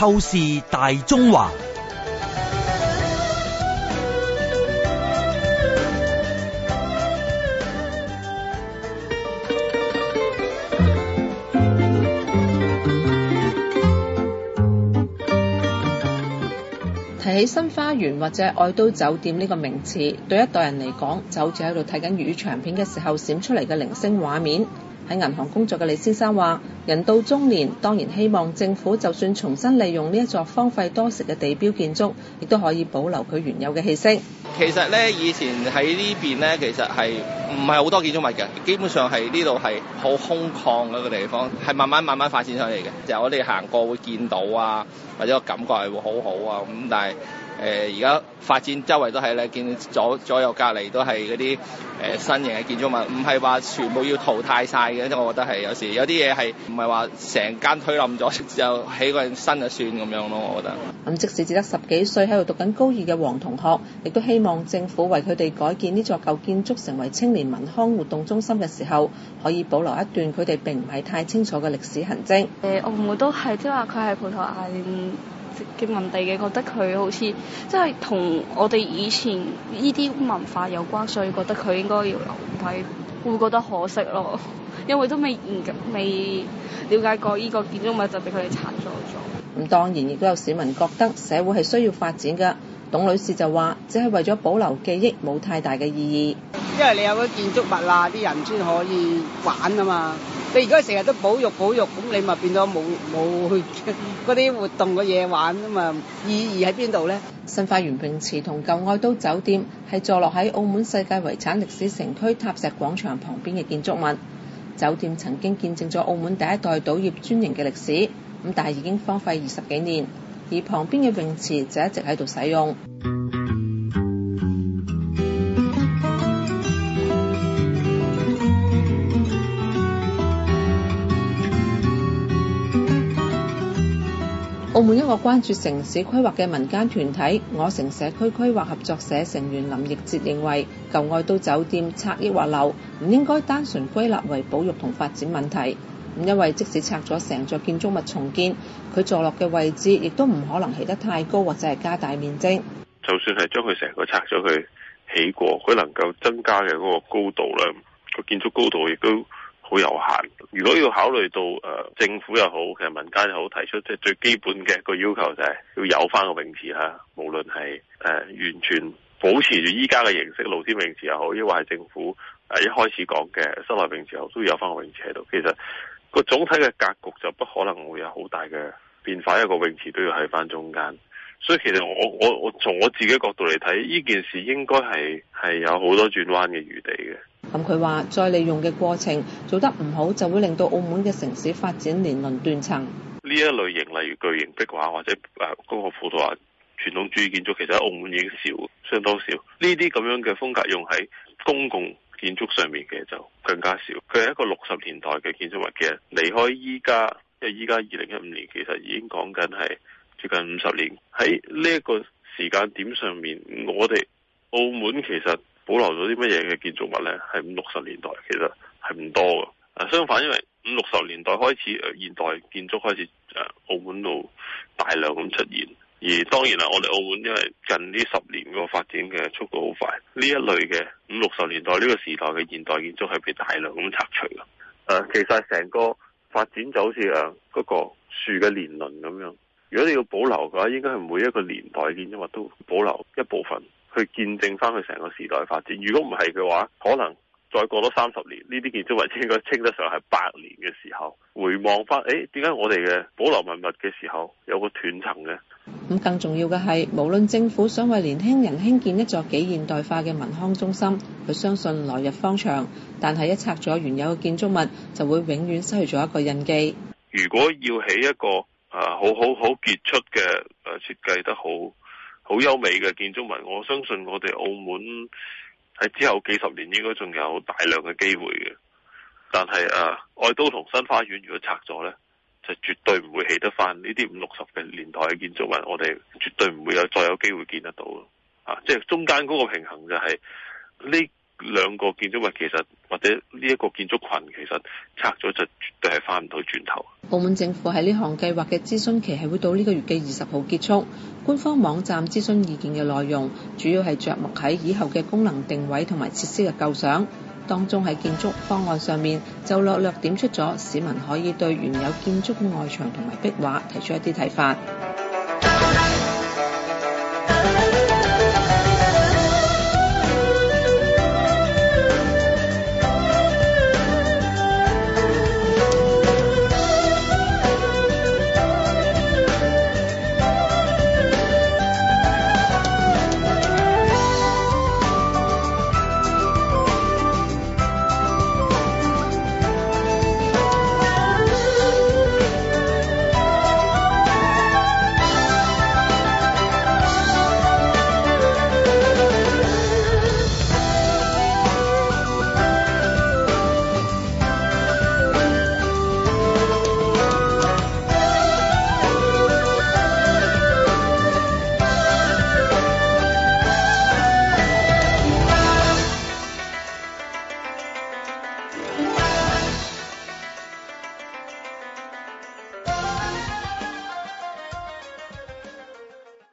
透視大中華。提起新花園或者愛都酒店呢個名詞，對一代人嚟講，就好似喺度睇緊粵語長片嘅時候閃出嚟嘅零星畫面。喺銀行工作嘅李先生話：人到中年，當然希望政府就算重新利用呢一座荒廢多時嘅地標建築，亦都可以保留佢原有嘅氣息。其實咧，以前喺呢邊咧，其實係唔係好多建築物嘅，基本上係呢度係好空曠嘅個地方，係慢慢慢慢發展上嚟嘅。就我哋行過會見到啊，或者個感覺係會好好啊，咁但係。誒而家發展周圍都係咧，見到左右隔離都係嗰啲誒新型嘅建築物，唔係話全部要淘汰晒嘅，即係我覺得係有時有啲嘢係唔係話成間推冧咗就起個新就算咁樣咯，我覺得。咁、嗯、即使只得十幾歲喺度讀緊高二嘅黃同學，亦都希望政府為佢哋改建呢座舊建築成為青年民康活動中心嘅時候，可以保留一段佢哋並唔係太清楚嘅歷史行跡。誒、呃，我唔會都係，即係話佢係葡萄牙嘅問題嘅，覺得佢好似即係同我哋以前呢啲文化有關，所以覺得佢應該要留低，會覺得可惜咯。因為都未研究、未了解過依個建築物就俾佢哋拆咗咗。咁當然亦都有市民覺得社會係需要發展㗎。董女士就話，只係為咗保留記憶，冇太大嘅意義。因為你有咗建築物啦，啲人先可以玩啊嘛。你而家成日都保育保育，咁你咪變咗冇冇去嗰啲活動嘅嘢玩啊嘛？意義喺邊度呢？新花園泳池同舊愛都酒店係坐落喺澳門世界遺產歷史城區塔石廣場旁邊嘅建築物。酒店曾經見證咗澳門第一代賭業專營嘅歷史，咁但係已經荒廢二十幾年，而旁邊嘅泳池就一直喺度使用。澳門一個關注城市規劃嘅民間團體，我城社區規劃合作社成員林奕哲認為，舊愛都酒店拆抑或留，唔應該單純歸納為保育同發展問題。因為即使拆咗成座建築物重建，佢坐落嘅位置亦都唔可能起得太高或者係加大面積。就算係將佢成個拆咗，去起過佢能夠增加嘅嗰個高度咧，個建築高度亦都好有限。如果要考慮到誒、呃、政府又好，其實民間又好，提出即係最基本嘅個要求就係要有翻個泳池嚇，無論係誒、呃、完全保持住依家嘅形式露天泳池又好，亦或係政府誒一開始講嘅室內泳池又好，都要有翻個泳池喺度。其實個總體嘅格局就不可能會有好大嘅變化，一個泳池都要喺翻中間。所以其實我我我從我自己角度嚟睇，呢件事應該係係有好多轉彎嘅餘地嘅。咁佢話再利用嘅過程做得唔好，就會令到澳門嘅城市發展年輪斷層。呢一類型例如巨型壁畫或者誒工學輔導畫傳統主義建築其實喺澳門已經少，相當少。呢啲咁樣嘅風格用喺公共建築上面嘅就更加少。佢係一個六十年代嘅建築物嘅，離開依家，即係依家二零一五年，其實已經講緊係接近五十年。喺呢一個時間點上面，我哋澳門其實。保留咗啲乜嘢嘅建築物呢？係五六十年代，其實係唔多㗎。相反，因為五六十年代開始，誒，現代建築開始誒，澳門度大量咁出現。而當然啦，我哋澳門因為近呢十年個發展嘅速度好快，呢一類嘅五六十年代呢個時代嘅現代建築係被大量咁拆除嘅。誒，其實成個發展就好似誒嗰個樹嘅年輪咁樣。如果你要保留嘅話，應該係每一個年代建築物都保留一部分。去見證翻佢成個時代發展。如果唔係嘅話，可能再過多三十年，呢啲建築物應該稱得上係百年嘅時候，回望翻，誒、哎，點解我哋嘅保留文物嘅時候有個斷層嘅？咁更重要嘅係，無論政府想為年輕人興建一座幾現代化嘅文康中心，佢相信來日方長，但係一拆咗原有嘅建築物，就會永遠失去咗一個印記。如果要起一個誒、啊、好好好傑出嘅誒設計得好好優美嘅建築物，我相信我哋澳門喺之後幾十年應該仲有大量嘅機會嘅。但係啊，愛都同新花園如果拆咗呢，就絕對唔會起得翻呢啲五六十嘅年代嘅建築物，我哋絕對唔會有再有機會見得到啊！即係中間嗰個平衡就係呢。兩個建築物其實，或者呢一個建築群其實拆咗就絕對係翻唔到轉頭。澳門政府喺呢項計劃嘅諮詢期係會到呢個月嘅二十號結束。官方網站諮詢意見嘅內容主要係著墨喺以後嘅功能定位同埋設施嘅構想，當中喺建築方案上面就略略點出咗市民可以對原有建築嘅外牆同埋壁畫提出一啲睇法。